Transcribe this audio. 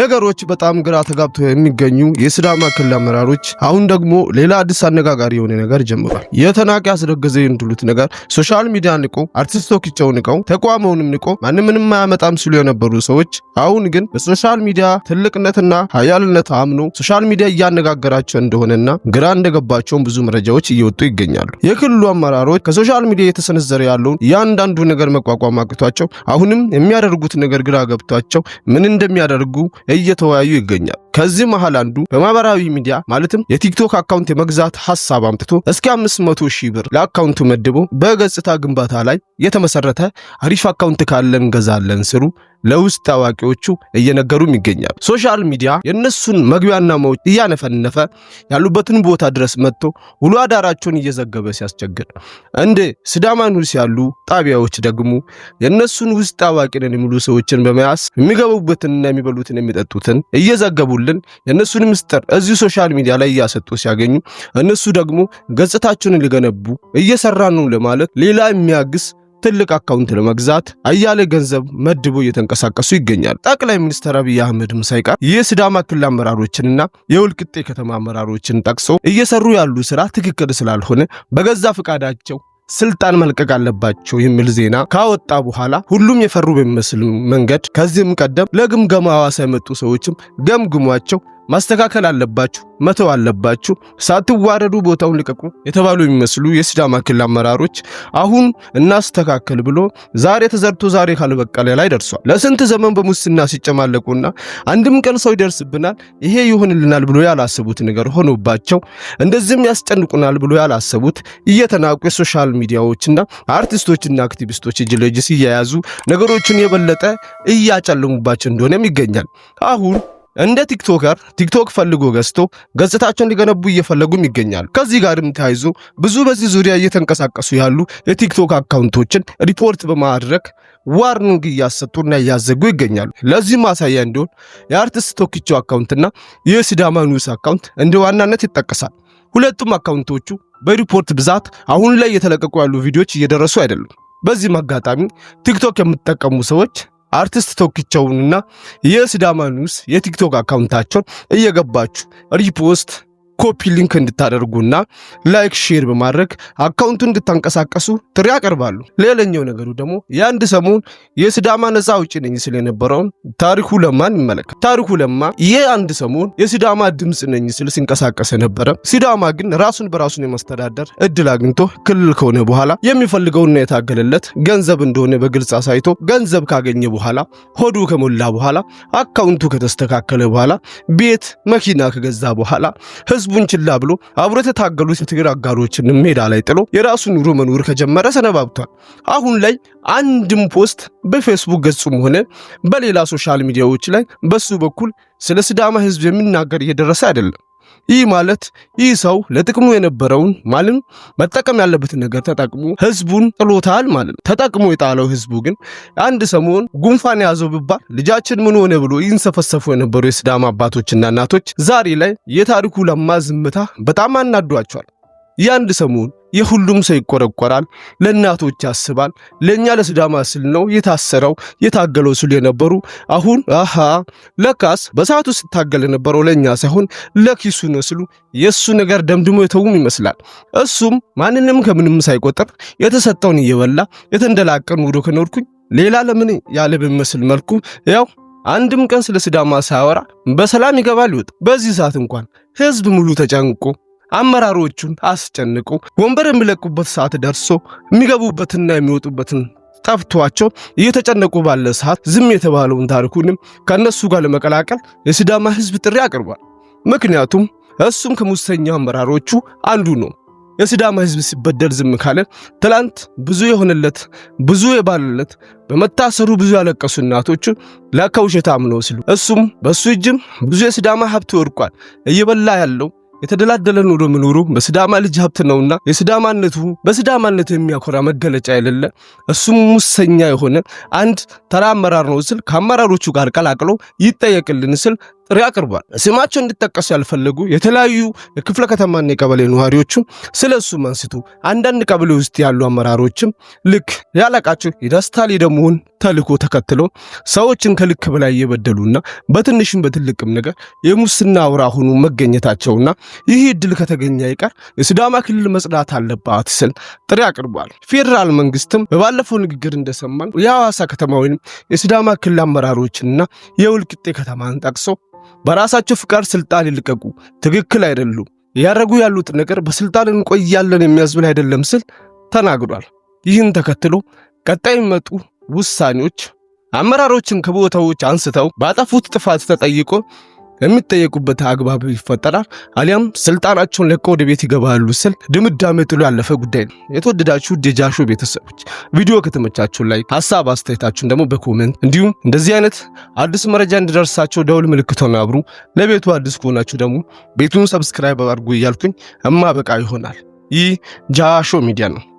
ነገሮች በጣም ግራ ተጋብተው የሚገኙ የስዳማ ክልል አመራሮች አሁን ደግሞ ሌላ አዲስ አነጋጋሪ የሆነ ነገር ጀምሯል። የተናቀ ያስረገዘ የሚሉት ነገር ሶሻል ሚዲያ ንቆ አርቲስቶች ቸው ንቀው ተቋመውንም ንቆ ምንም አያመጣም ሲሉ የነበሩ ሰዎች አሁን ግን በሶሻል ሚዲያ ትልቅነትና ሀያልነት አምኖ ሶሻል ሚዲያ እያነጋገራቸው እንደሆነና ግራ እንደገባቸውን ብዙ መረጃዎች እየወጡ ይገኛሉ። የክልሉ አመራሮች ከሶሻል ሚዲያ የተሰነዘረ ያለውን እያንዳንዱ ነገር መቋቋም አቅቷቸው አሁንም የሚያደርጉት ነገር ግራ ገብቷቸው ምን እንደሚያደርጉ እየተወያዩ ይገኛል። ከዚህ መሃል አንዱ በማህበራዊ ሚዲያ ማለትም የቲክቶክ አካውንት የመግዛት ሀሳብ አምጥቶ እስከ 500 ሺህ ብር ለአካውንቱ መድቦ በገጽታ ግንባታ ላይ የተመሰረተ አሪፍ አካውንት ካለ እንገዛለን ስሩ ለውስጥ አዋቂዎቹ እየነገሩም ይገኛል። ሶሻል ሚዲያ የእነሱን መግቢያና መውጭ እያነፈነፈ ያሉበትን ቦታ ድረስ መጥቶ ውሎ አዳራቸውን እየዘገበ ሲያስቸግር፣ እንደ ሲዳማ ኒውስ ያሉ ጣቢያዎች ደግሞ የእነሱን ውስጥ አዋቂ ነን የሚሉ ሰዎችን በመያዝ የሚገቡበትንና የሚበሉትን የሚጠጡትን እየዘገቡ ሲያወጡልን የእነሱን ምስጢር እዚሁ ሶሻል ሚዲያ ላይ እያሰጡ ሲያገኙ እነሱ ደግሞ ገጽታቸውን ሊገነቡ እየሰራ ነው ለማለት ሌላ የሚያግስ ትልቅ አካውንት ለመግዛት አያሌ ገንዘብ መድቦ እየተንቀሳቀሱ ይገኛል። ጠቅላይ ሚኒስትር አብይ አህመድም ሳይቀር የስዳማ ክልል አመራሮችንና የወልቅጤ ከተማ አመራሮችን ጠቅሶ እየሰሩ ያሉ ስራ ትክክል ስላልሆነ በገዛ ፈቃዳቸው ስልጣን መልቀቅ አለባቸው የሚል ዜና ካወጣ በኋላ ሁሉም የፈሩ በሚመስል መንገድ ከዚህም ቀደም ለግምገማ ሐዋሳ የመጡ ሰዎችም ገምግሟቸው ማስተካከል አለባችሁ፣ መተው አለባችሁ፣ ሳትዋረዱ ቦታውን ልቀቁ የተባሉ የሚመስሉ የሲዳማ ክልል አመራሮች አሁን እናስተካከል ብሎ ዛሬ ተዘርቶ ዛሬ ካልበቀለ ላይ ደርሷል። ለስንት ዘመን በሙስና ሲጨማለቁና አንድም ቀን ሰው ይደርስብናል ይሄ ይሆንልናል ብሎ ያላሰቡት ነገር ሆኖባቸው እንደዚህም ያስጨንቁናል ብሎ ያላሰቡት እየተናቁ የሶሻል ሚዲያዎችና አርቲስቶችና አክቲቪስቶች እጅ ለእጅ ሲያያዙ ነገሮችን የበለጠ እያጨለሙባቸው እንደሆነም ይገኛል አሁን እንደ ቲክቶከር ቲክቶክ ፈልጎ ገዝቶ ገጽታቸውን ሊገነቡ እየፈለጉም ይገኛሉ። ከዚህ ጋርም ተያይዞ ብዙ በዚህ ዙሪያ እየተንቀሳቀሱ ያሉ የቲክቶክ አካውንቶችን ሪፖርት በማድረግ ዋርኒንግ እያሰጡና እያዘጉ ይገኛሉ። ለዚህ ማሳያ እንዲሆን የአርቲስት ቶኪቸው አካውንትና የሲዳማ ኒውስ አካውንት እንደ ዋናነት ይጠቀሳል። ሁለቱም አካውንቶቹ በሪፖርት ብዛት አሁን ላይ እየተለቀቁ ያሉ ቪዲዮዎች እየደረሱ አይደሉም። በዚህም አጋጣሚ ቲክቶክ የምትጠቀሙ ሰዎች አርቲስት ቶክቻውንና የሲዳማ ኒውስ የቲክቶክ አካውንታቸውን እየገባችሁ ሪፖስት ኮፒ ሊንክ እንድታደርጉና ላይክ ሼር በማድረግ አካውንቱን እንድታንቀሳቀሱ ጥሪ ያቀርባሉ። ሌላኛው ነገሩ ደግሞ የአንድ ሰሞን የስዳማ ነፃ አውጪ ነኝ ሲል የነበረውን ታሪኩ ለማን ይመለከት። ታሪኩ ለማ ይህ አንድ ሰሞን የስዳማ ድምፅ ነኝ ስል ሲንቀሳቀስ ነበረ። ሲዳማ ግን ራሱን በራሱን የማስተዳደር እድል አግኝቶ ክልል ከሆነ በኋላ የሚፈልገውና የታገለለት ገንዘብ እንደሆነ በግልጽ አሳይቶ ገንዘብ ካገኘ በኋላ ሆዱ ከሞላ በኋላ አካውንቱ ከተስተካከለ በኋላ ቤት መኪና ከገዛ በኋላ ህዝቡን ችላ ብሎ አብሮ የተታገሉት የትግል አጋሮችን ሜዳ ላይ ጥሎ የራሱን ኑሮ መኖር ከጀመረ ሰነባብቷል። አሁን ላይ አንድም ፖስት በፌስቡክ ገጹም ሆነ በሌላ ሶሻል ሚዲያዎች ላይ በሱ በኩል ስለ ስዳማ ህዝብ የሚናገር እየደረሰ አይደለም። ይህ ማለት ይህ ሰው ለጥቅሙ የነበረውን ማለም መጠቀም ያለበትን ነገር ተጠቅሞ ህዝቡን ጥሎታል ማለት ነው። ተጠቅሞ የጣለው ህዝቡ ግን አንድ ሰሞን ጉንፋን ያዘው ብባል ልጃችን ምን ሆነ ብሎ ይንሰፈሰፉ የነበሩ የስዳማ አባቶችና እናቶች ዛሬ ላይ የታሪኩ ለማ ዝምታ በጣም አናዷቸዋል። የአንድ ሰሞን የሁሉም ሰው ይቆረቆራል፣ ለእናቶች ያስባል። ለእኛ ለስዳማ ስል ነው የታሰረው የታገለው ስሉ የነበሩ አሁን አሃ ለካስ በሰዓቱ ስታገል የነበረው ለእኛ ሳይሆን ለኪሱ ነው ስሉ የእሱ ነገር ደምድሞ የተውም ይመስላል። እሱም ማንንም ከምንም ሳይቆጥር የተሰጠውን እየበላ የተንደላቀን ውዶ ከኖርኩኝ ሌላ ለምን ያለ በሚመስል መልኩ ያው አንድም ቀን ስለ ስዳማ ሳያወራ በሰላም ይገባል ይወጥ። በዚህ ሰዓት እንኳን ህዝብ ሙሉ ተጨንቆ አመራሮቹን አስጨንቁ። ወንበር የሚለቁበት ሰዓት ደርሶ የሚገቡበትና የሚወጡበትን ጠፍቷቸው እየተጨነቁ ባለ ሰዓት ዝም የተባለውን ታሪኩንም ከእነሱ ጋር ለመቀላቀል የሲዳማ ህዝብ ጥሪ አቅርቧል። ምክንያቱም እሱም ከሙሰኛ አመራሮቹ አንዱ ነው። የሲዳማ ህዝብ ሲበደል ዝም ካለ ትላንት ብዙ የሆነለት ብዙ የባለለት በመታሰሩ ብዙ ያለቀሱ እናቶች ለካ ነው ሲሉ እሱም በእሱ እጅም ብዙ የሲዳማ ሀብት ወድቋል እየበላ ያለው የተደላደለ ኑሮ መኖሩ በስዳማ ልጅ ሀብት ነውና የስዳማነቱ በስዳማነቱ የሚያኮራ መገለጫ የሌለ እሱም ሙሰኛ የሆነ አንድ ተራ አመራር ነው ስል ከአመራሮቹ ጋር ቀላቅሎ ይጠየቅልን ስል ጥሪ አቅርቧል። ስማቸው እንዲጠቀሱ ያልፈለጉ የተለያዩ የክፍለ ከተማና የቀበሌ ነዋሪዎችም ስለ እሱ መንስቱ፣ አንዳንድ ቀበሌ ውስጥ ያሉ አመራሮችም ልክ ያለቃቸው የደስታ ሊደመሆን ተልዕኮ ተከትለው ሰዎችን ከልክ በላይ እየበደሉና በትንሽም በትልቅም ነገር የሙስና አውራ ሆኑ መገኘታቸውና ይህ እድል ከተገኘ ይቀር የሲዳማ ክልል መጽዳት አለባት ስል ጥሪ አቅርቧል። ፌዴራል መንግስትም በባለፈው ንግግር እንደሰማን የሐዋሳ ከተማ ወይም የሲዳማ ክልል አመራሮችንና የውልቅጤ ከተማን ጠቅሶ በራሳቸው ፍቃድ ስልጣን ይልቀቁ፣ ትክክል አይደሉም፣ እያደረጉ ያሉት ነገር በስልጣን እንቆያለን የሚያስብል አይደለም ስል ተናግሯል። ይህን ተከትሎ ቀጣይ የሚመጡ ውሳኔዎች አመራሮችን ከቦታዎች አንስተው ባጠፉት ጥፋት ተጠይቆ የሚጠየቁበት አግባብ ይፈጠራል፣ አሊያም ስልጣናቸውን ለቀው ወደ ቤት ይገባሉ ስል ድምዳሜ ጥሎ ያለፈ ጉዳይ ነው። የተወደዳችሁ የጃሾ ቤተሰቦች ቪዲዮ ከተመቻችሁ ላይ ሀሳብ አስተያየታችሁን ደግሞ በኮመንት እንዲሁም እንደዚህ አይነት አዲስ መረጃ እንዲደርሳቸው ደውል ምልክቶ አብሩ። ለቤቱ አዲስ ከሆናችሁ ደግሞ ቤቱን ሰብስክራይብ አድርጉ እያልኩኝ እማበቃ ይሆናል። ይህ ጃሾ ሚዲያ ነው።